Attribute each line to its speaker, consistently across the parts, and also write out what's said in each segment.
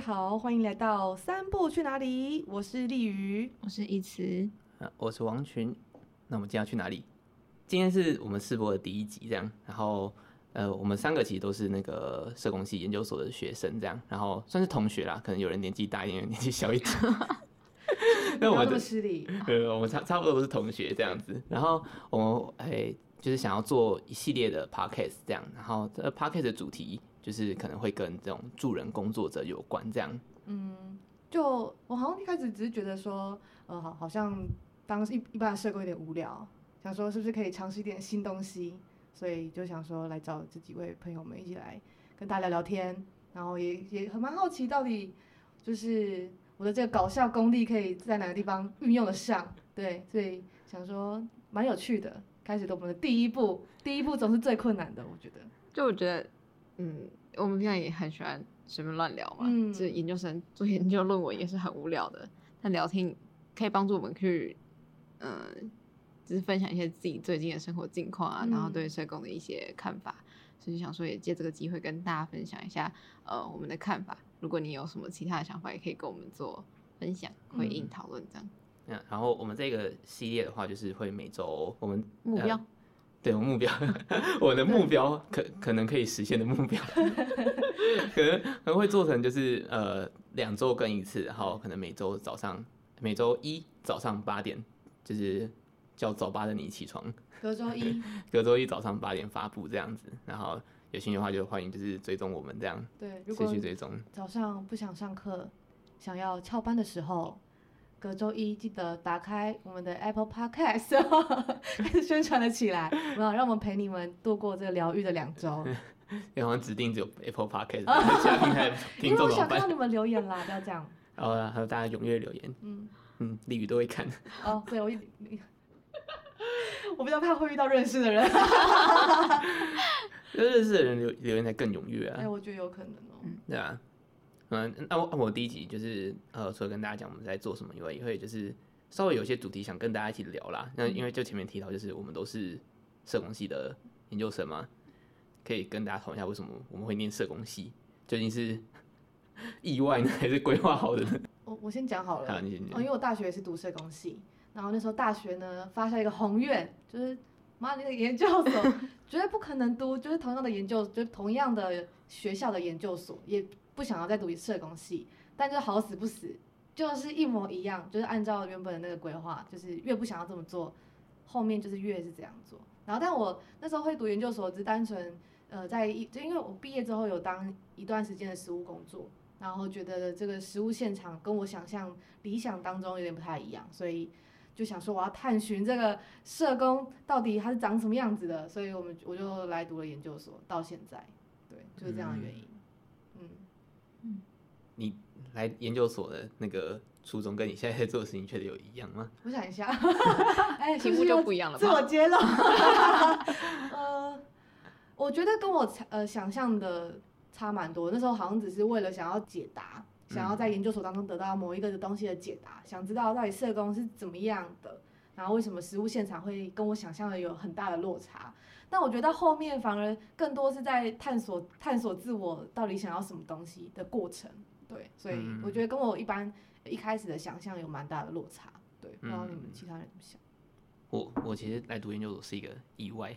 Speaker 1: 好，歡迎來到三步去哪裡？我是
Speaker 2: 立瑜，我是一慈、
Speaker 3: 啊，我是王群。那我們今天要去哪裡？今天是我們試播的第一集，這樣。然後，呃，我們三個其實都是那個社工系研究所的學生，這樣。然後算是同學啦，可能有人年紀大一點，有人年紀小一點。那， 那我們失禮， 對，我們差差不多都是同學這樣子。然後我們哎、欸，就是想要做一系列的 podcast，這樣。然後這個 podcast 的主題。就是可能會跟這種助人工作者有關這樣，
Speaker 1: 嗯，就我好像一開始只是覺得說，呃，好，好像當一一般的社工有點無聊，想說是不是可以嘗試一點新東西，所以就想說來找這幾位朋友們一起來跟大家聊聊天，然後也也很蠻好奇到底就是我的這個搞笑功力可以在哪個地方運用得上，對，所以想說蠻有趣的，開始我們
Speaker 2: 的第一步，第一步總是最困難的，我覺得，就我覺得。嗯，我們平常也很喜歡隨便亂聊嘛。嗯。就是研究生做研究論文也是很無聊的，嗯、但聊天可以幫助我們去，嗯、呃，就是分享一些自己最近的生活近況啊，嗯、然後對社工的一些看法。所以想說也借這個機會跟大家分享一下，呃，我們的看法。如果你有什麼其他的想法，也可以跟我們做分享、回應、嗯、討論這樣。
Speaker 3: 嗯，然後我們這個系列的話，就是會每週我們目標。呃對，我目標， 我的目標可對可能可以實現的目標，可 能可能會做成就是呃兩周更一次，然後可能每周早上每周一早上八點就是叫早八的你起床，
Speaker 1: 隔周一，
Speaker 3: 隔周一早上八點發布這樣子，然後有興趣的話就歡迎就是追蹤我們這樣，
Speaker 1: 對，持續追蹤。如果早上不想上課，想要翹班的時候。隔週一記得打開我們的 Apple Podcast，開、哦、始宣傳了起來。然想 讓我們陪你們度過這個療癒的兩週。
Speaker 3: 因為 指定只有 Apple Podcast 因為我想看到
Speaker 1: 你們留言啦，不要這樣。
Speaker 3: 好還、啊、有大家踴躍留言，嗯嗯，鯉魚、嗯、都會看。 哦，
Speaker 1: 對，我我比較怕會遇到認識的人。
Speaker 3: 認識的人留留言才更踴躍啊。哎、欸，
Speaker 1: 我覺得有可能哦、
Speaker 3: 喔。嗯、對啊。嗯，那我我第一集就是呃，除了跟大家講我們在做什麼以外，也會就是稍微有一些主題想跟大家一起聊啦。那因為就前面提到，就是我們都是社工系的研究生嘛，可以跟大家討論一下為什麼我們會念社工系，究竟是意外呢，還是規劃好的？
Speaker 1: 我我先講好了，好、啊，你先講、哦。因為我大學也是讀社工系，然後那時候大學呢，發下一個宏願，就是媽那個研究所絕對不可能讀，就是同樣的研究，就是同樣的學校的研究所也。不想要再讀一社工系，但就好死不死，就是一模一樣，就是按照原本的那個規劃，就是越不想要這麼做，後面就是越是這樣做。然後，但我那時候會讀研究所，只單純呃，在一就因為我畢業之後有當一段時間的實務工作，然後覺得這個實務現場跟我想象理想當中有點不太一樣，所以就想說我要探尋這個社工到底他是長什麼樣子的，所以我們我就來讀了研究所，到現在，對，就是這樣的原因。嗯
Speaker 3: 你來研究所的那個初衷，跟你現在，在做的事情，確實有一樣嗎？
Speaker 1: 我想一下，哎、 欸，其實就不一樣了，怕 自我接受， 呃，我覺得跟我呃想象的差蠻多。那時候好像只是為了想要解答，想要在研究所當中得到某一個東西的解答，嗯、想知道到底社工是怎麼樣的，然後為什麼實務現場會跟我想象的有很大的落差。但我覺得後面反而更多是在探索探索自我到底想要什麼東西的過程。對，所以我覺得跟我一般一開始的想象有蠻大的落差。嗯、對，不知道你們其他人怎麼想？
Speaker 3: 我我其實來讀研究所是一個意外，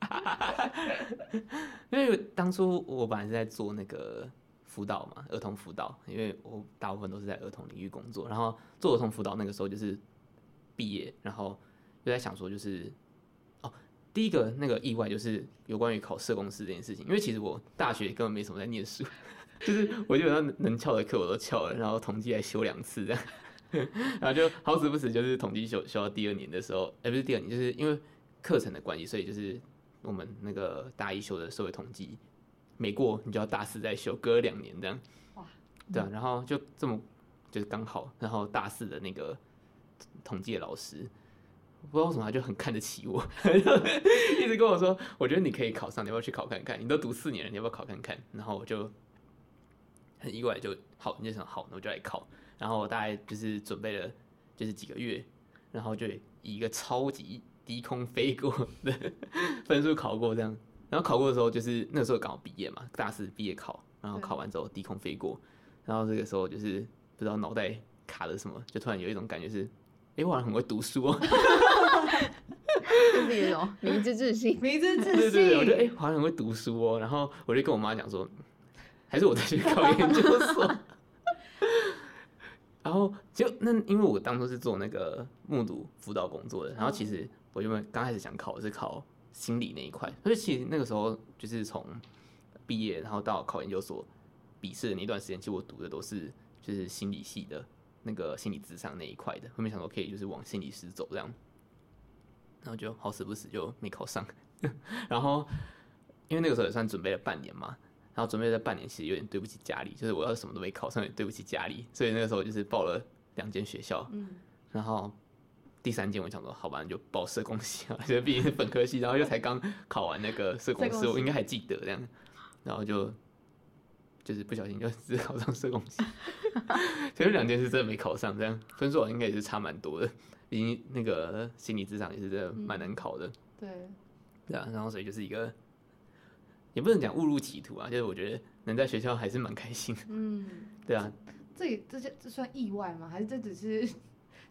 Speaker 3: 因為當初我本來是在做那個輔導嘛，兒童輔導，因為我大部分都是在兒童領域工作。然後做兒童輔導那個時候，就是畢業，然後又在想說，就是哦，第一個那個意外就是有關於考社工師這件事情，因為其實我大學根本沒什麼在念書。就是我基本上能、能翹的課我都翹了，然後統計還修兩次這樣， 然後就好死不死就是統計修修到第二年的時候，哎，不是第二年，就是因為課程的關係，所以就是我們那個大一修的社會統計沒過，你就要大四再修，隔兩年這樣。哇，嗯，對啊，然後就這麼就是剛好，然後大四的那個統計的老師我不知道為什麼他就很看得起我， 一直跟我說，我覺得你可以考上，你要不要去考看看？你都讀四年了，你要不要考看看？然後我就。很意外，就好，你就想好，那我就來考。然後我大概就是準備了，就是幾個月，然後就以一個超級低空飛過的分數考過這樣。然後考過的時候，就是那個、時候剛好畢業嘛，大四畢業考。然後考完之後低空飛過，對然後這個時候就是不知道腦袋卡了什麼，就突然有一種感覺是，哎、欸，我好像很會讀書哦，就
Speaker 2: 是一種迷之自信，迷之自信。哎， 我覺得、
Speaker 3: 欸、好像很會讀書哦。然後我就跟我媽講說。還是我再去考研究所， 然後就那因為我當初是做那個目睹輔導工作的，然後其實我因為剛開始想考的是考心理那一塊，所以其實那個時候就是從畢業然後到考研究所筆試的那段時間，其實我讀的都是就是心理系的那個心理諮商那一塊的，後面想說可以就是往心理師走這樣，然後就好死不死就沒考上， 然後因為那個時候也算準備了半年嘛。然後準備了半年，其實有點對不起家裡，就是我要是什麼都沒考上，也對不起家裡。所以那個時候就是報了兩間學校，嗯，然後第三間我想說，好吧，就報社工系啊，就畢竟是本科系，嗯、然後又才剛考完那個社工師，社工系我應該還記得這樣，然後就就是不小心就只考上社工系，其實 兩間是真的沒考上，這樣分數應該也是差蠻多的，畢竟那個心理智商也是真的蠻難考的，嗯、對，對啊，然後所以就是一個。也不能講誤入歧途啊，就是我覺得能在學校還是蠻開心的。嗯，
Speaker 1: 對啊，這這這算意外嗎？還是這只是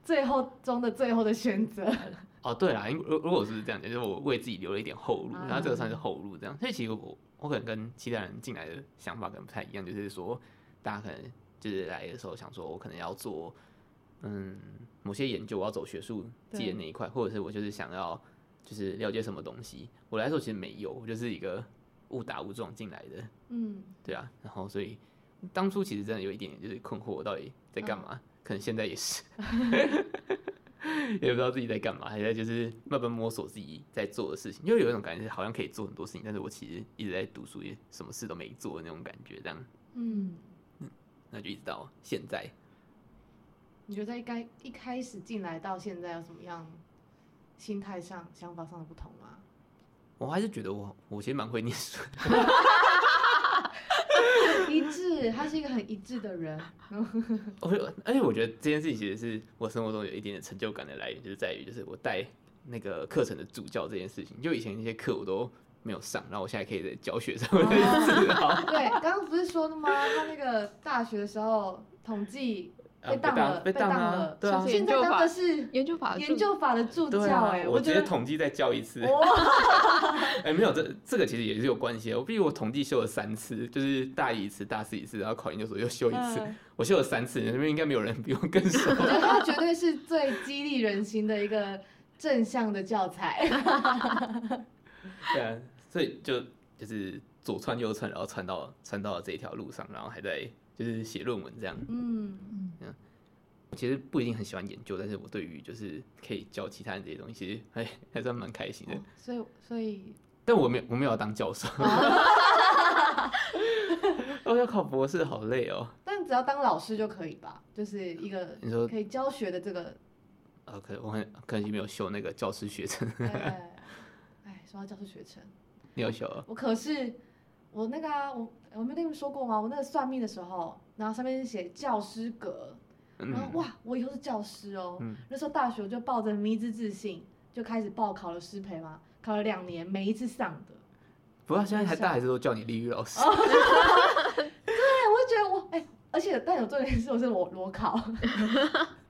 Speaker 1: 最後中的最後的選擇？
Speaker 3: 哦，對啦，因為如如果是這樣，就是我為自己留了一點後路，然後這個算是後路，這樣。嗯，所以其實我我可能跟其他人進來的想法可能不太一樣，就是說大家可能就是來的時候想說，我可能要做嗯某些研究，我要走學術界那一塊，對或者是我就是想要就是了解什麼東西。我來的時候其實沒有，我就是一個誤打誤撞進來的，嗯，對啊，然後所以當初其實真的有一點就是困惑，我到底在幹嘛？啊、可能現在也是，啊、 也不知道自己在幹嘛，還在就是慢慢摸索自己在做的事情，因為有一種感覺，好像可以做很多事情，但是我其實一直在讀書，也什麼事都沒做的那種感覺，這樣，
Speaker 1: 嗯，
Speaker 3: 嗯，那就一直到現在。
Speaker 1: 你覺得一開一開始進來到現在有什麼樣心態上、想法上的不同？
Speaker 3: 我還是覺得我，我其實蠻會唸書。
Speaker 1: 一致，他是一個很一致的人。
Speaker 3: 我， 而且我覺得這件事情其實是我生活中有一點點成就感的來源，就是在於就是我帶那個課程的助教這件事情。就以前那些課我都沒有上，然後我現在可以在教學生
Speaker 1: 對，剛剛不是說的嗎？他那個大學的時候統計。啊、被當了，被當了。對，現在當的是研究法的研究法的助教哎、欸，啊、我覺得
Speaker 3: 統計再教一次。哎、 欸，沒有這這個其實也是有關係的。我比如我統計修了三次，就是大一一次，大四一次，然後考研究所又修一次，嗯、我修了三次，那邊應該沒有人比我更熟。 我覺得它
Speaker 1: 絕對是最激勵人心的一個正向的教材。
Speaker 2: 對啊，
Speaker 3: 所以就就是左竄右竄，然後竄到竄到了這一條路上，然後還在。就是寫論文這樣。嗯，嗯其實不一定很喜歡研究，但是我對於就是可以教其他人這些東西其實還，其還算蠻開心的。
Speaker 1: 所以、哦、所以，所
Speaker 3: 以但我沒有我沒有要當教授。啊、 我要考博士，好累哦。
Speaker 1: 但只要當老師就可以吧？就是一個你說可以教學的這個。
Speaker 3: OK，嗯呃、我很可惜沒有修那個教師學程
Speaker 1: 哎。哎，說到教師學程，
Speaker 3: 你要修啊、哦？我
Speaker 1: 可是。我那個啊，我我沒跟你們說過嗎？我那個算命的時候，然後上面寫教師格，然後哇，我以後是教師哦。嗯、那時候大學就抱着迷之自信，就開始報考了師培嘛，考了兩年，每一次上的。
Speaker 3: 不過現在還大孩子都叫你李玉老師。
Speaker 1: 對，我覺得我哎、欸，而且但有重點是我是裸裸考。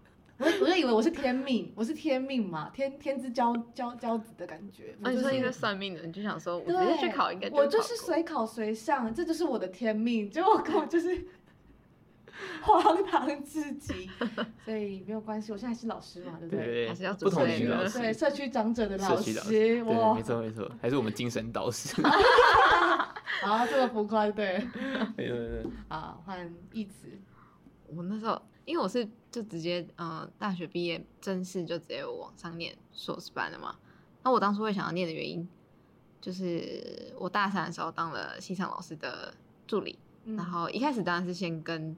Speaker 1: 我就以為我是天命，我是天命嘛，天天之驕驕驕子的感覺。我就是一個算、
Speaker 2: 算命的，你就想說我就，我就是
Speaker 1: 隨考隨上，這就是我的天命。結果跟我就是荒唐至極， 所以沒有關係。我現在是老師嘛，對不對？對還是要準老師，對社區長者的老師，老師哇沒錯沒
Speaker 3: 錯，還是我們精神導師。
Speaker 2: 好啊，這麼、個、浮誇，對。對對，啊，換義子。我那時候。因為我是就直接呃大學畢業，正式就直接往上念碩士班了嘛。那我當初會想要念的原因，就是我大三的時候當了系上老師的助理，嗯、然後一開始當然是先跟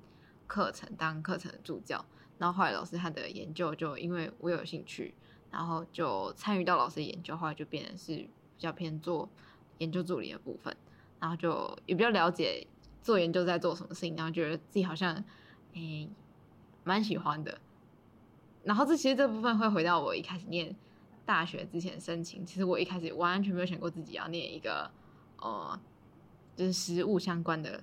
Speaker 2: 課程當課程的助教，然後後來老師他的研究就因為我有興趣，然後就參與到老師的研究，後來就變成是比較偏做研究助理的部分，然後就也比較了解做研究在做什麼事情，然後覺得自己好像誒。欸蠻喜歡的，然後這其實這部分會回到我一開始念大學之前申請。其實我一開始完全沒有想過自己要念一個，哦、呃，就是實務相關的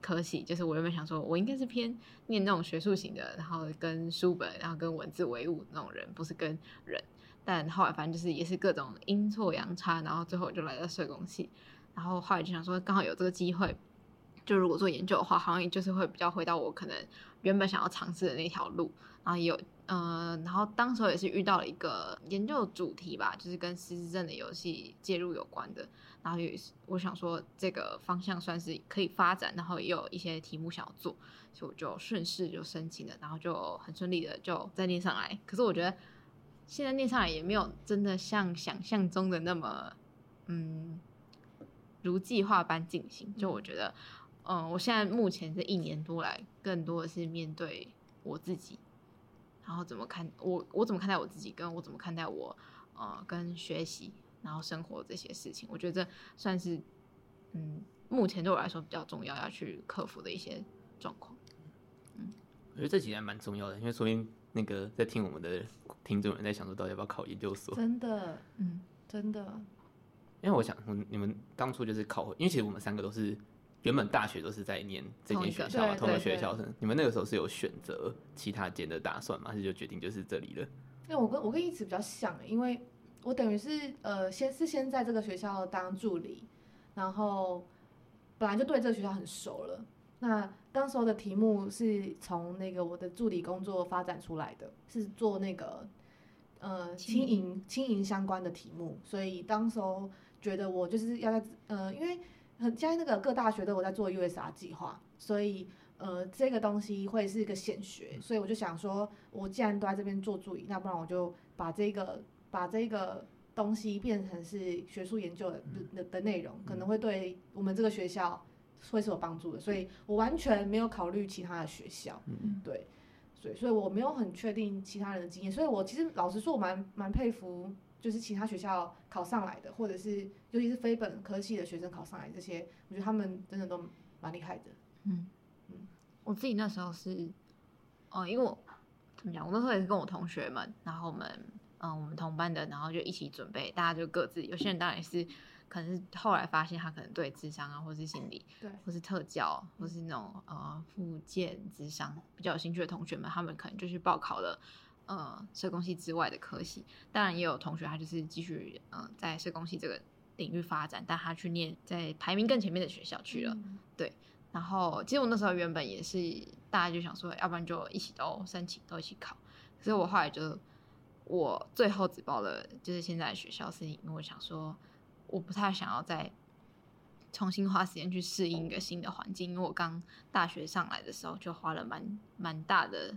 Speaker 2: 科系。就是我原本想說，我應該是偏念那種學術型的，然後跟書本，然後跟文字為伍那種人，不是跟人。但後來反正就是也是各種陰錯陽差，然後最後我就來到社工系。然後後來就想說，剛好有這個機會。就如果做研究的話，好像就是會比較回到我可能原本想要嘗試的那條路，然後有呃，然後當時候也是遇到了一個研究主題吧，就是跟失智症的遊戲介入有關的，然後我想說這個方向算是可以發展，然後也有一些題目想要做，所以我就順勢就申請了，然後就很順利的就再念上來。可是我覺得現在念上來也沒有真的像想象中的那麼，嗯，如計劃般進行。就我覺得。嗯嗯，我現在目前這一年多來，更多的是面對我自己，然後怎麼看我，我怎麼看待我自己，跟我怎麼看待我，呃，跟學習，然後生活這些事情，我覺得這算是嗯，目前對我來說比較重要，要去克服的一些狀況。
Speaker 3: 嗯，我覺得這幾年蠻重要的，因為說明那個在聽我們的聽眾也在想說，到底要不要考研究所？真
Speaker 2: 的，嗯，真的，
Speaker 3: 因為我想，我們，你們當初就是考，因為其實我們三個都是。原本大學都是在念這間學校嘛，同個學校生。對對對，你們那個時候是有選擇其他間的打算嗎？還是就決定就是這裡了？
Speaker 1: 那我跟我跟一直比較像，因為我等於是呃，先是先在這個學校當助理，然後本來就對這個學校很熟了。那當時候的題目是從那個我的助理工作發展出來的，是做那個呃輕盈輕盈相關的題目，所以當時候覺得我就是要在呃因為。很現在那個各大學都有在做 USR 計劃，所以呃這個東西會是一個顯學，所以我就想說，我既然都在這邊做助理，那不然我就把這個把這個東西變成是學術研究的的的內容，可能會對我們這個學校會是有幫助的，所以我完全沒有考慮其他的學校，對，所以所以我沒有很確定其他人的經驗，所以我其實老實說我，我蠻蠻佩服。就是其他學校考上來的，或者是尤其是非本科系的學生考上來，這些我覺得他們真的都蠻厲害的。嗯
Speaker 2: 嗯，我自己那時候是，哦、呃，因為我怎麼講，我那時候也是跟我同學們，然後我們嗯、呃、我們同班的，然後就一起準備，大家就各自，有些人當然是，可能是後來發現他可能對智商啊，或是心理，對，或是特教，或是那種呃復健諮商比較有興趣的同學們，他們可能就去報考了。呃，社工系之外的科系，當然也有同學他就是繼續嗯在社工系這個領域發展，但他去念在排名更前面的學校去了。嗯、對，然後其實我那時候原本也是大家就想說、欸，要不然就一起都申請，都一起考。所以我後來就我最後只報了就是現在的學校，是因為我想說我不太想要再重新花時間去適應一個新的環境，因為我剛大學上來的時候就花了蠻蠻大的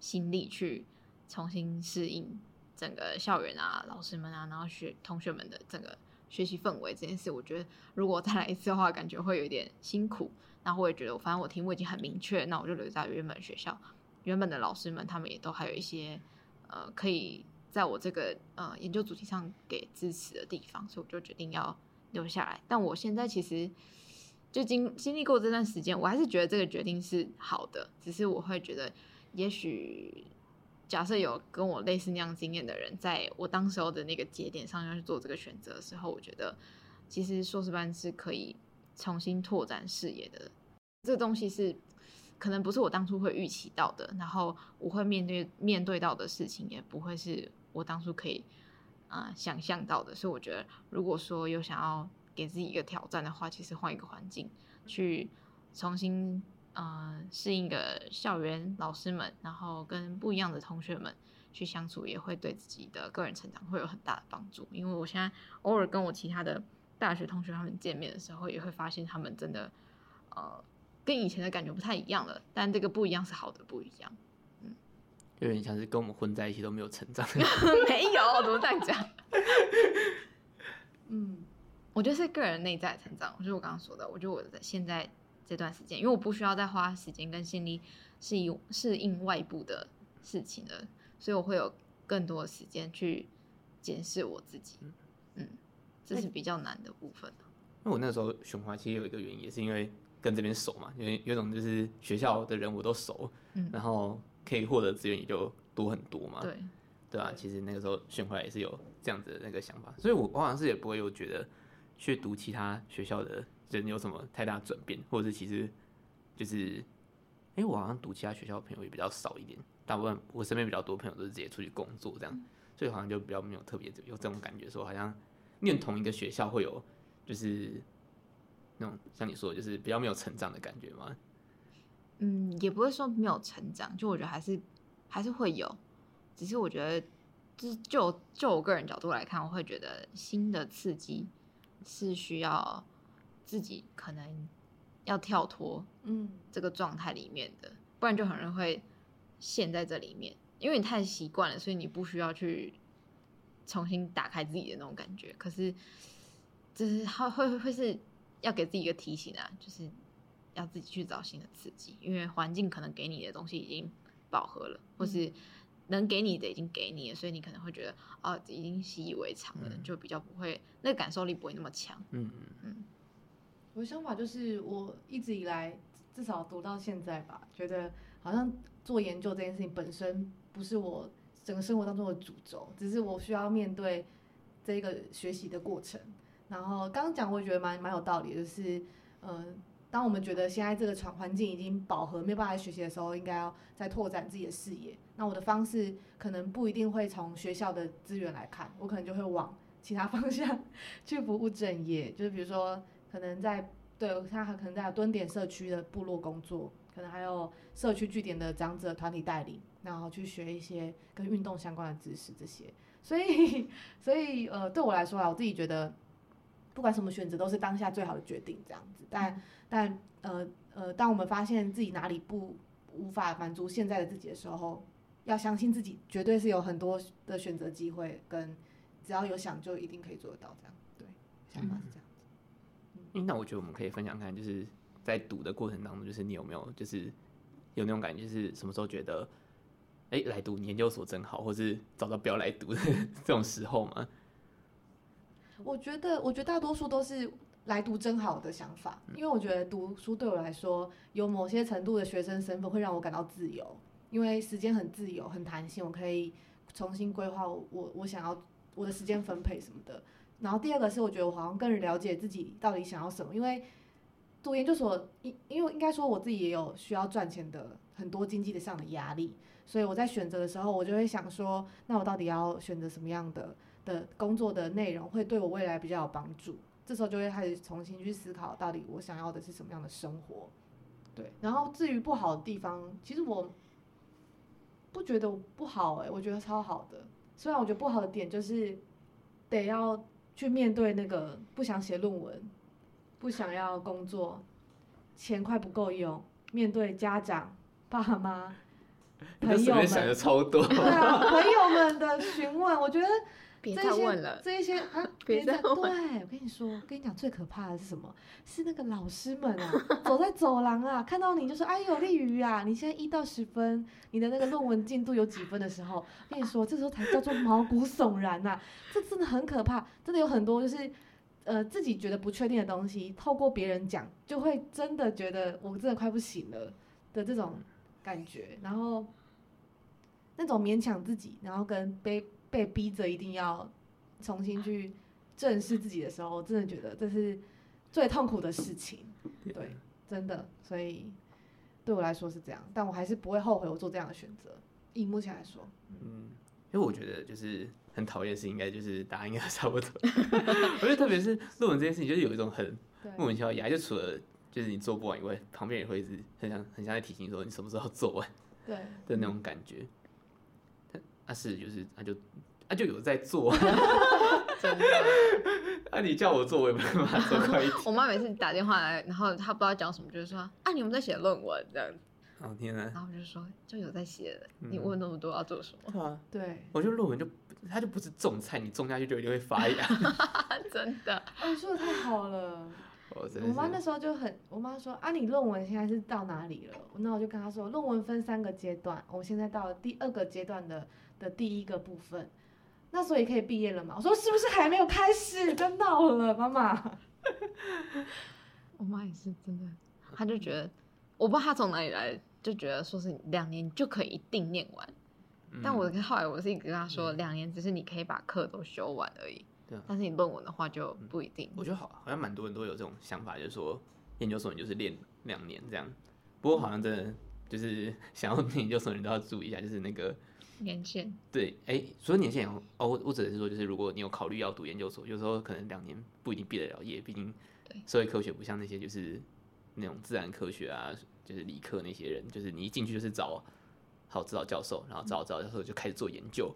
Speaker 2: 心力去。重新適應整個校園啊，老師們啊，然後學同學們的整個學習氛圍這件事，我覺得如果再來一次的話，感覺會有點辛苦。然後我也覺得，我反正我題目已經很明確，那我就留在原本學校，原本的老師們他們也都還有一些呃可以在我這個呃研究主題上給支持的地方，所以我就決定要留下來。但我現在其實就經經歷過這段時間，我還是覺得這個決定是好的，只是我會覺得也許。假設有跟我類似那樣經驗的人，在我當時候的那個節點上要去做這個選擇的時候，我覺得其實碩士班是可以重新拓展視野的。這個、東西是可能不是我當初會預期到的，然後我會面對面對到的事情也不會是我當初可以啊、呃、想象到的。所以我覺得，如果說有想要給自己一個挑戰的話，其實換一個環境去重新。呃，適應的校園，老師們，然後跟不一樣的同學們去相處，也會對自己的個人成長會有很大的幫助。因為我現在偶爾跟我其他的大學同學他們見面的時候，也會發現他們真的呃，跟以前的感覺不太一樣了。但這個不一樣是好的不一樣，
Speaker 3: 嗯，有點像是跟我們混在一起都沒有成長，
Speaker 2: 沒有，怎麼在講？ 嗯，我覺得是個人內在成長，就是我剛剛說的，我覺得我現在。這段時間，因為我不需要再花時間跟心力是應適應外部的事情的，所以我會有更多時間去檢視我自己。嗯，這是比較難的部分。
Speaker 3: 那我那時候選回來，其實有一個原因，嗯、也是因為跟這邊熟嘛，因為有種就是學校的人我都熟，嗯、然後可以獲得資源也就多很多嘛。對，對、啊、其實那個時候選回來也是有這樣子的那個想法，所以我好像是也不會有覺得去讀其他學校的你有什麼太大轉變，或者是其實就是，哎、欸，我好像讀其他學校的朋友也比較少一點，大部分我身邊比較多朋友都是直接出去工作這樣，所以好像就比較沒有特別有這種感覺說，說好像念同一個學校會有就是那種像你說的就是比較沒有成長的感覺嗎？嗯，
Speaker 2: 也不會說沒有成長，就我覺得還是還是會有，只是我覺得就就我個人角度來看，我會覺得新的刺激是需要。自己可能要跳脫，嗯，這個狀態裡面的，嗯、不然就很容易會陷在這裡面，因為你太習慣了，所以你不需要去重新打開自己的那種感覺。可是，就是會會會是要給自己一個提醒啊，就是要自己去找新的刺激，因為環境可能給你的東西已經飽和了，嗯、或是能給你的已經給你了，所以你可能會覺得啊、哦，已經習以為常了，就比較不會、嗯、那個感受力不會那麼強。嗯嗯。嗯
Speaker 1: 我的想法就是，我一直以來，至少讀到現在吧，覺得好像做研究這件事情本身不是我整個生活當中的主軸，只是我需要面對這一個學習的過程。然後剛剛講，我也覺得蠻蠻有道理，就是，嗯、呃，當我們覺得現在這個場環境已經飽和，沒有辦法學習的時候，應該要再拓展自己的視野。那我的方式可能不一定會從學校的資源來看，我可能就會往其他方向去不務正業，就是比如說。可能在，對，他可能在蹲點社區的部落工作，可能還有社區據點的長者團體帶領，然後去學一些跟運動相關的知識這些。所以所以呃，對我來說啊，我自己覺得不管什麼選擇都是當下最好的決定這樣子。但但呃呃，當我們發現自己哪裡不無法滿足現在的自己的時候，要相信自己絕對是有很多的選擇機會跟只要有想就一定可以做得到這樣。
Speaker 3: 對，想法是這樣。嗯欸、那我覺得我們可以分享看，就是在讀的過程當中，就是你有沒有就是有那種感覺，就是什麼時候覺得，哎、欸，來讀研究所真好，或是找到不要來讀的這種時候嗎？
Speaker 1: 我覺得，我覺得大多數都是來讀真好的想法，嗯、因為我覺得讀書對我來說，有某些程度的學生身份會讓我感到自由，因為時間很自由、很彈性，我可以重新規劃我我想要我的時間分配什麼的。然後第二個是，我覺得我好像更了解自己到底想要什麼。因為讀研究所，因因為應該說我自己也有需要賺錢的很多經濟上的壓力，所以我在選擇的時候，我就會想說，那我到底要選擇什麼樣的的工作的內容會對我未來比較有幫助？這時候就會開始重新去思考，到底我想要的是什麼樣的生活？對。然後至於不好的地方，其實我不覺得不好、欸，誒，我覺得超好的。雖然我覺得不好的點就是得要。去面對那個不想寫論文、不想要工作、錢快不夠用，面對家長、爸媽、朋友們想
Speaker 3: 得超多，啊、 朋友們
Speaker 1: 的詢問，我覺得。別再問了，這一些，這些啊，別的對我跟你說，跟你講最可怕的是什麼？是那個老師們啊，走在走廊啊， 看到你就說：‘哎呦，有利於啊，你現在一到十分，你的那個論文進度有幾分的時候，跟你說，這時候才叫做毛骨悚然啊，這真的很可怕，真的有很多就是呃自己覺得不確定的東西，透過別人講，就會真的覺得我真的快不行了的這種感覺，然後那種勉強自己，然後跟被……被逼着一定要重新去正視自己的時候，我真的覺得這是最痛苦的事情。Yeah. 對，真的。所以對我來說是這樣，但我還是不會後悔我做這樣的選擇。以目前來說，
Speaker 3: 嗯，因為我覺得就是很討厭的事情，應該就是答案應該差不多。 我覺得特別是論文這件事情，就是有一種很莫名其妙、啊，也就除了就是你做不完以外，旁邊也會一直很想很想在提醒說你什麼時候做完。對，的那種感覺。嗯.啊、是，就是，他、啊、就，他、啊、就有在做。 真的、啊？啊、你叫我做，我也沒辦法做
Speaker 2: 我媽每次打電話來，然後她不知道講什麼，就是說：“啊，你們在寫論文這
Speaker 3: 樣子。”然後我就
Speaker 2: 說就有在寫。你問那麼多、嗯、要做什麼？對，啊、對。
Speaker 3: 我就論文就它就不是種菜，你種下去就一定會發芽。
Speaker 2: 真
Speaker 1: 的？我、啊、說的太好了。
Speaker 3: Oh, yes, yes. 我媽那時
Speaker 1: 候就很，我媽說啊，你論文現在是到哪裡了？那我就跟她說，論文分三個階段，我現在到了第二個階段的的第一個部分，那所以可以畢業了嘛？我說是不是還沒有開始？就到
Speaker 2: 了，媽媽。 我媽也是真的，她就覺得，我不知道她從哪裡來，就覺得說是兩年就可以一定念完，
Speaker 3: 嗯、但我後來
Speaker 2: 我是一直跟她說，嗯、兩年只是你可以把課都修完而已。但是你問我的話就不一定，嗯。我覺得好，
Speaker 3: 好像蠻多人都有這種想法，就是說，研究所你就是練兩年這樣。不過好像真的就是想要研究所，你都要注意一下，就是那個年限。對，哎、欸，所以年限哦，我我指的是說，就是如果你有考慮要讀研究所，有時候可能兩年不一定畢得了業，畢竟社會科學不像那些就是那種自然科學啊，就是理科那些人，就是你一進去就是找好指導教授，然後找找指導教授就開始做研究，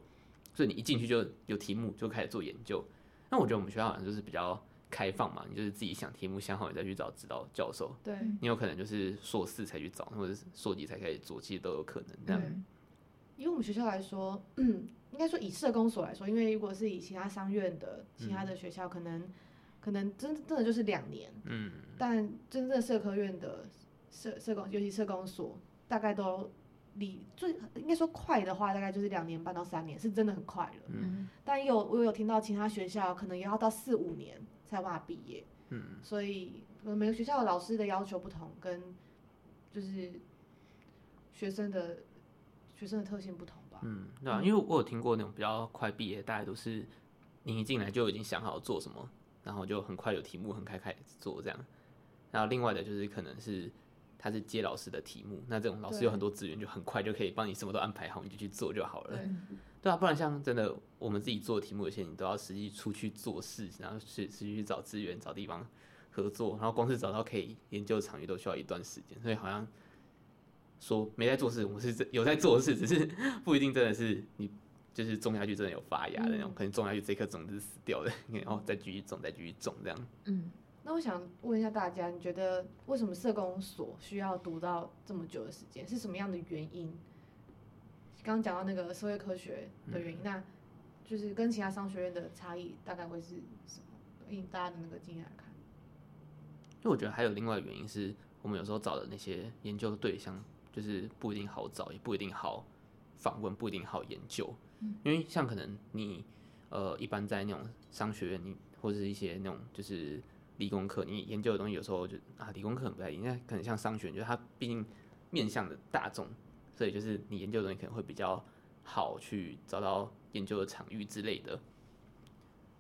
Speaker 3: 所以你一進去就有題目就開始做研究。那我覺得我們學校好像就是比較開放嘛，你就是自己想題目想好，你再去找指導教授。對，你有可能就是碩士才去找，或者碩幾才開始做，其實都有可能。這樣、
Speaker 1: 嗯，以我們學校來說、嗯，應該說以社工所來說，因為如果是以其他商院的其他的學校，嗯、可能可能真真的就是兩年。嗯，但真正社科院的社社工，尤其社工所，大概都。最應該說快的話，大概就是兩年半到三年，是真的很快了。嗯。但有我有聽到其他學校可能也要到四五年才有辦法畢業。
Speaker 3: 嗯。所
Speaker 1: 以我每個學校的老師的要求不同，跟就是學生的學生的特性不同吧。
Speaker 3: 嗯，對啊，因為我有聽過那種比較快畢業，大概都是你一進來就已經想好做什麼，然後就很快有題目很開開始做這樣。然後另外的就是可能是。他是接老師的題目，那這種老師有很多資源，就很快就可以幫你什麼都安排好，你就去做就好了。對，對啊，不然像真的我們自己做的題目，有些你都要實際出去做事，然後去實際去找資源、找地方合作，然後光是找到可以研究的場域都需要一段時間。所以好像說沒在做事，我是有在做事，只是不一定真的是你就是種下去真的有發芽的那種，嗯、可能種下去這顆種子死掉的，然後再繼續種，再繼續種這樣。嗯。
Speaker 1: 那我想問一下大家，你覺得為什麼社工所需要讀到這麼久的時間？是什麼樣的原因？剛剛講到那個社會科學的原因，嗯，那就是跟其他商學院的差異大概會是什麼？以大家的那個經驗來看，因
Speaker 3: 為我覺得還有另外原因是我們有時候找的那些研究的對象就是不一定好找，也不一定好訪問，不一定好研究。嗯，因為像可能你呃，一般在那種商學院，你或者是一些那種就是。理工科，你研究的東西有時候就啊，理工科很不太應該，因為可能像商學院，就是它畢竟面向的大眾，所以就是你研究的東西可能會比較好去找到研究的場域之類的，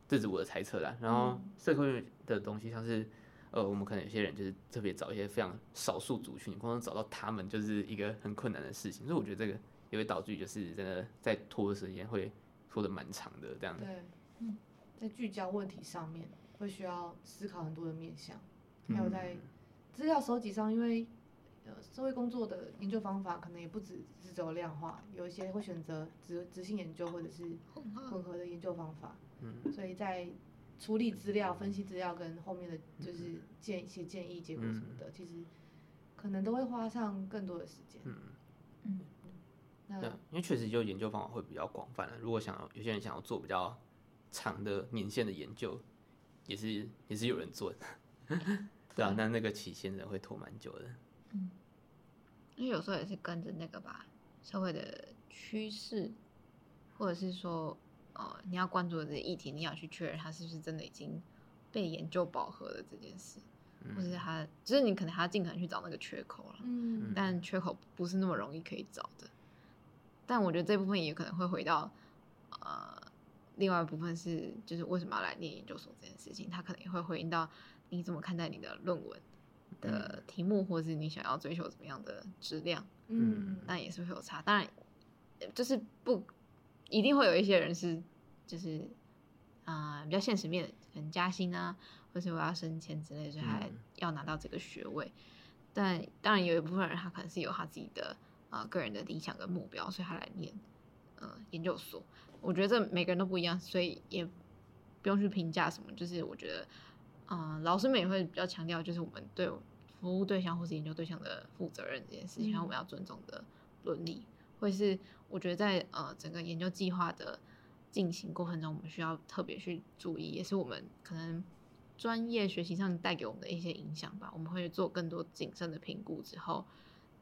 Speaker 3: 這是我的猜測啦。然後社會的東西，像是、嗯、呃，我們可能有些人就是特別找一些非常少數族群，光是找到他們就是一個很困難的事情，所以我覺得這個也會導致就是真的在拖的時間會拖的蠻長的這樣子。對、嗯，
Speaker 1: 在聚焦問題上面。會需要思考很多的面向，
Speaker 3: 還有在
Speaker 1: 資料收集上，因為呃社會工作的研究方法可能也不止是只有量化，有一些會選擇質質性研究或者是混合的研究方法，嗯、所以在處理資料、分析資料跟後面的就是建、嗯、一些建議、結果什麼的，嗯、其實可能都會花上更多的時間，嗯嗯，那因
Speaker 3: 為確實就研究方法會比較廣泛了、啊。如果想有些人想要做比較長的年限的研究。也是也是有人做的， 對啊，那那個起先人會拖蠻久的，
Speaker 2: 嗯，那有時候也是跟着那個吧，社會的趨勢，或者是說、呃，你要關注的這些議題，你要去確認它是不是真的已經被研究飽和了這件事，
Speaker 3: 嗯、或者是他，
Speaker 2: 就是你可能還要盡可能去找那個缺口了，嗯，但缺口不是那麼容易可以找的，但我覺得這部分也可能會回到，呃。另外一部分是，就是為什麼要來念研究所這件事情，他可能也會回應到你怎麼看待你的論文的題目，嗯、或是你想要追求怎麼樣的質量。嗯，那也是會有差。當然，就是不一定會有一些人是，就是啊、呃、比較現實面，可能加薪啊，或是我要升遷之類的，所以還要拿到這個學位。嗯、但當然有一部分人他可能是有他自己的啊、呃、個人的理想跟目標，所以他來念嗯、呃、研究所。我覺得這每個人都不一樣，所以也不用去評價什麼。就是我覺得，嗯，呃，老師們也會比較強調，就是我們對服務對象或是研究對象的負責任這件事情，嗯，我們要尊重的倫理，或是我覺得在呃整個研究計劃的進行過程中，我們需要特別去注意，也是我們可能專業學習上帶給我們的一些影響吧。我們會做更多謹慎的評估之後，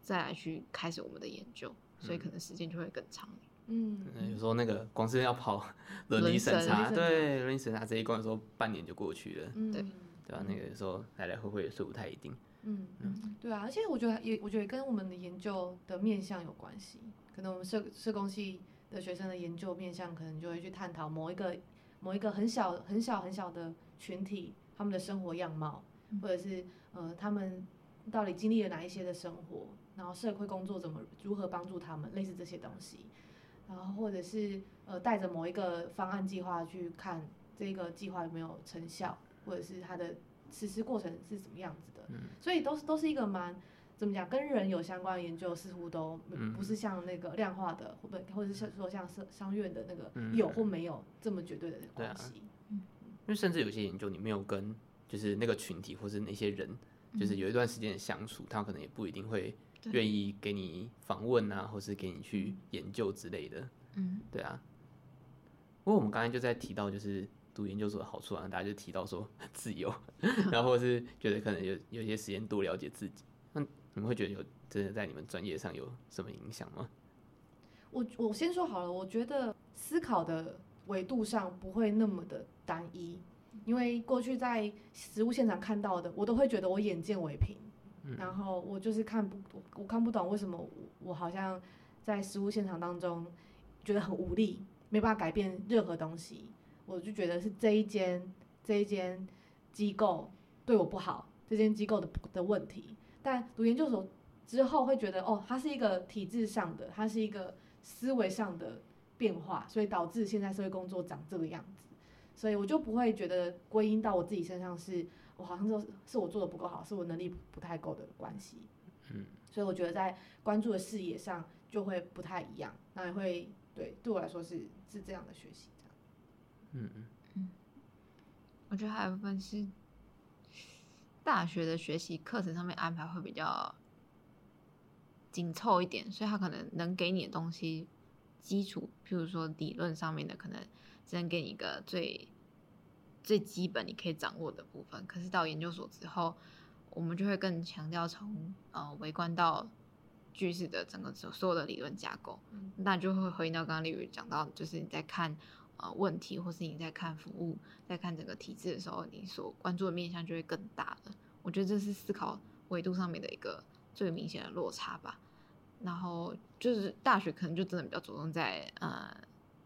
Speaker 2: 再來去開始我們的研究，所以可能時間就會更長。嗯嗯，
Speaker 3: 有時候那個光是要跑倫理審查，查對倫理審查這一關，說半年就過去了，對、嗯、對吧？那個有時候來來回回也是不太一定，嗯嗯，嗯
Speaker 1: 對啊，而且我覺得也我覺得跟我們的研究的面向有關係，可能我們社社工系的學生的研究面向，可能就會去探討某一個某一個很小很小很小的群體，他們的生活樣貌，或者是呃他們到底經歷了哪一些的生活，然後社會工作怎麼如何幫助他們，類似這些東西。然後，或者是呃，帶着某一個方案計劃去看這個計劃有沒有成效，或者是它的實施過程是怎麼樣子的。嗯、所以都，都是都是一個蠻怎麼講，跟人有相關的研究，似乎都、嗯、不是像那個量化的，或不，或者是說像商商院的那個、嗯、有或沒有這麼絕對的關係。啊嗯、
Speaker 3: 因為甚至有些研究，你沒有跟就是那個群體或是那些人，就是有一段時間的相處，嗯、他可能也不一定會。願意給你訪問啊，或是給你去研究之類的，嗯，對啊。不過我們剛才就在提到，就是讀研究所的好處啊，大家就提到說自由，然後是覺得可能有有些時間多了解自己。那你們會覺得有真的在你們專業上有什麼影響嗎？
Speaker 1: 我我先說好了，我覺得思考的維度上不會那麼的單一，因為過去在實務現場看到的，我都會覺得我眼見為憑。然後我就是看不懂，我看不懂為什麼我，我好像在實務現場當中覺得很無力，沒辦法改變任何東西。我就覺得是這一間這一間機構對我不好，這間機構的的問題。但讀研究所之後會覺得，哦，它是一個體制上的，它是一個思維上的變化，所以導致現在社會工作長這個樣子。所以我就不會覺得歸因到我自己身上是，是我好像就是我做的不夠好，是我能力不太夠的關係。
Speaker 3: 嗯，
Speaker 1: 所以我覺得在關注的視野上就會不太一樣，那也會對對我來說是是這樣的學習。嗯嗯嗯，
Speaker 2: 嗯我覺得還有一部分是大學的學習課程上面安排會比較緊湊一點，所以他可能能給你的東西基礎，譬如說理論上面的可能。只能給你一個最最基本你可以掌握的部分，可是到研究所之後，我們就會更強調從呃微觀到巨視的整個所有的理論架構，嗯、那就會回到剛剛例如講到，就是你在看呃問題，或是你在看服務，在看整個體制的時候，你所關注的面向就會更大了。我覺得這是思考維度上面的一個最明顯的落差吧。然後就是大學可能就真的比較着重在呃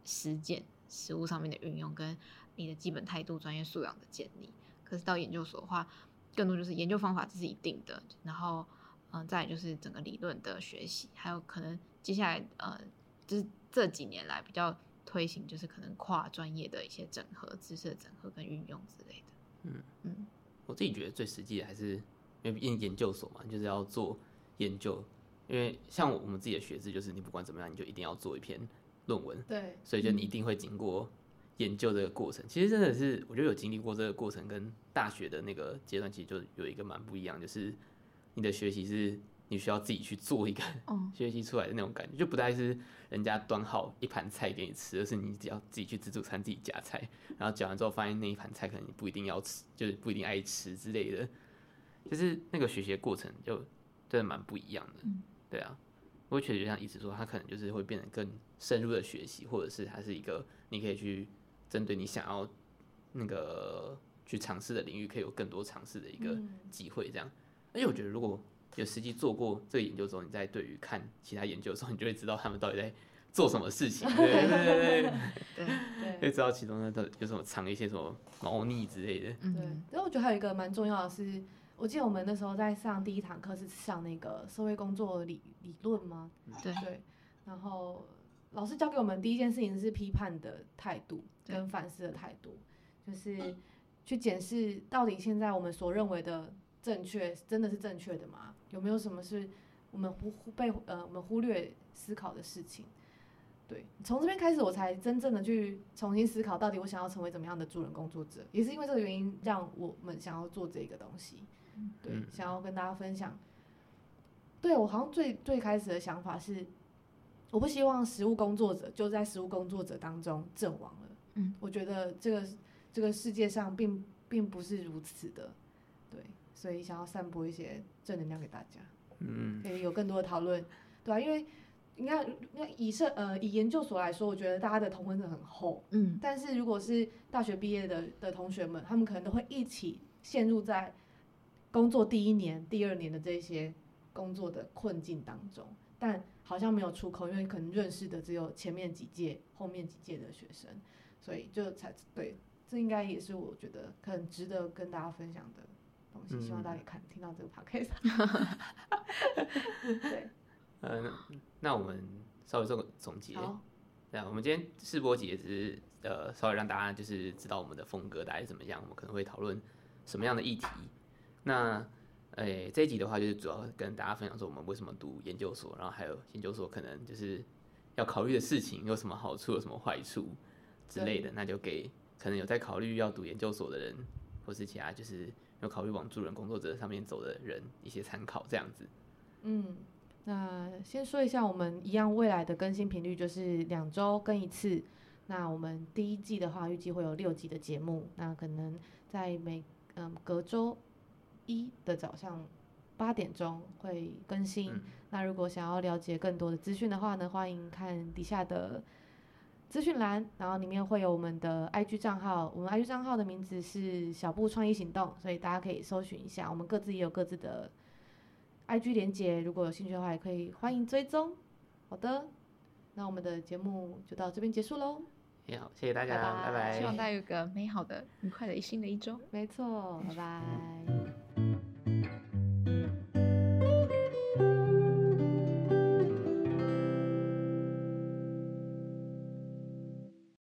Speaker 2: 實踐。實務上面的運用跟你的基本態度、專業素養的建立，可是到研究所的話，更多就是研究方法，這是一定的，然後嗯、呃，再就是整個理論的學習，還有可能接下來呃，就是這幾年來比較推行，就是可能跨專業的一些整合知識的整合跟運用之類的。嗯
Speaker 3: 嗯，嗯，我自己覺得最實際的還是因為研究所嘛，就是要做研究，因為像我們自己的學制，就是你不管怎麼樣，你就一定要做一篇。論文對，所以就你一定會經過研究這個過程。嗯、其實真的是，我覺得有經歷過這個過程，跟大學的那個階段其實就有一個蠻不一樣，就是你的學習是你需要自己去做一個學習出來的那種感覺，哦、就不再是人家端好一盤菜給你吃，而是就是你只要自己去自助餐自己夾菜，然後夾完之後發現那一盤菜可能你不一定要吃，就是不一定愛吃之類的，就是那個學習的過程就真的蠻不一樣的。嗯、對啊。我會覺得就像一直說，它可能就是會變得更深入的學習，或者是它是一個你可以去針對你想要那個去嘗試的領域，可以有更多嘗試的一個機會。這樣，嗯、而且我覺得如果有實際做過這個研究之後，你在對於看其他研究的時候，你就會知道他們到底在做什麼事情。對、嗯、對對對，會知道其中到底有什麼藏一些什麼貓膩之類的。
Speaker 2: 對，
Speaker 1: 然後我覺得還有一個蠻重要的是，我記得我們那時候在上第一堂課是上那個社會工作理理論嗎？嗯、對，對。然後老師教給我們第一件事情是批判的態度跟反思的態度，對就是去檢視到底現在我們所認為的正確真的是正確的嗎？有沒有什麼是我們忽忽被呃我們忽略思考的事情？對，從這邊開始我才真正的去重新思考到底我想要成為怎麼樣的助人工作者，也是因為這個原因讓我們想要做這個東西。對，嗯、想要跟大家分享。對，我好像最最開始的想法是，我不希望食物工作者就在食物工作者當中陣亡了。嗯，我覺得這個這個世界上並並不是如此的，對，所以想要散播一些正能量給大家。嗯，可以有更多的討論，對吧、啊？因為你看，那以社呃以研究所來說，我覺得大家的同溫層很厚。嗯，但是如果是大學畢業的的同學們，他們可能都會一起陷入在。工作第一年、第二年的這些工作的困境當中，但好像沒有出口，因為可能認識的只有前面幾屆、後面幾屆的學生，所以就才對。這應該也是我覺得很值得跟大家分享的東西。希望大家可以看、嗯、聽到這個 podcast。 對，嗯、
Speaker 3: 呃，那我們稍微做個總結。好對，我們今天試播集只是呃，稍微讓大家就是知道我們的風格大概是怎麼樣，我們可能會討論什麼樣的議題。嗯那，誒、欸，這一集的話，就是主要跟大家分享說，我們為什麼讀研究所，然後還有研究所可能就是要考慮的事情，有什麼好處，有什麼壞處之類的。對那就給可能有在考慮要讀研究所的人，或是其他就是有考慮往助人工作者上面走的人一些參考，這樣子。
Speaker 1: 嗯，那先說一下，我們一樣未來的更新頻率就是兩周更一次。那我們第一季的話，預計會有六集的節目。那可能在每嗯隔周。一的早上八點鐘會更新。嗯、那如果想要了解更多的資訊的話呢，歡迎看底下的資訊欄，然後裡面會有我們的 IG 賬號，我們 IG 賬號的名字是小布創意行動，所以大家可以搜尋一下。我們各自也有各自的 IG 連結，如果有興趣的話，也可以歡迎追蹤。好的，那我們的節目就到這邊結
Speaker 2: 束嘍。也
Speaker 3: 好，謝謝大家，拜拜 bye。希望大家
Speaker 2: 有個美好的、愉快的一新的一周。沒錯，拜拜。嗯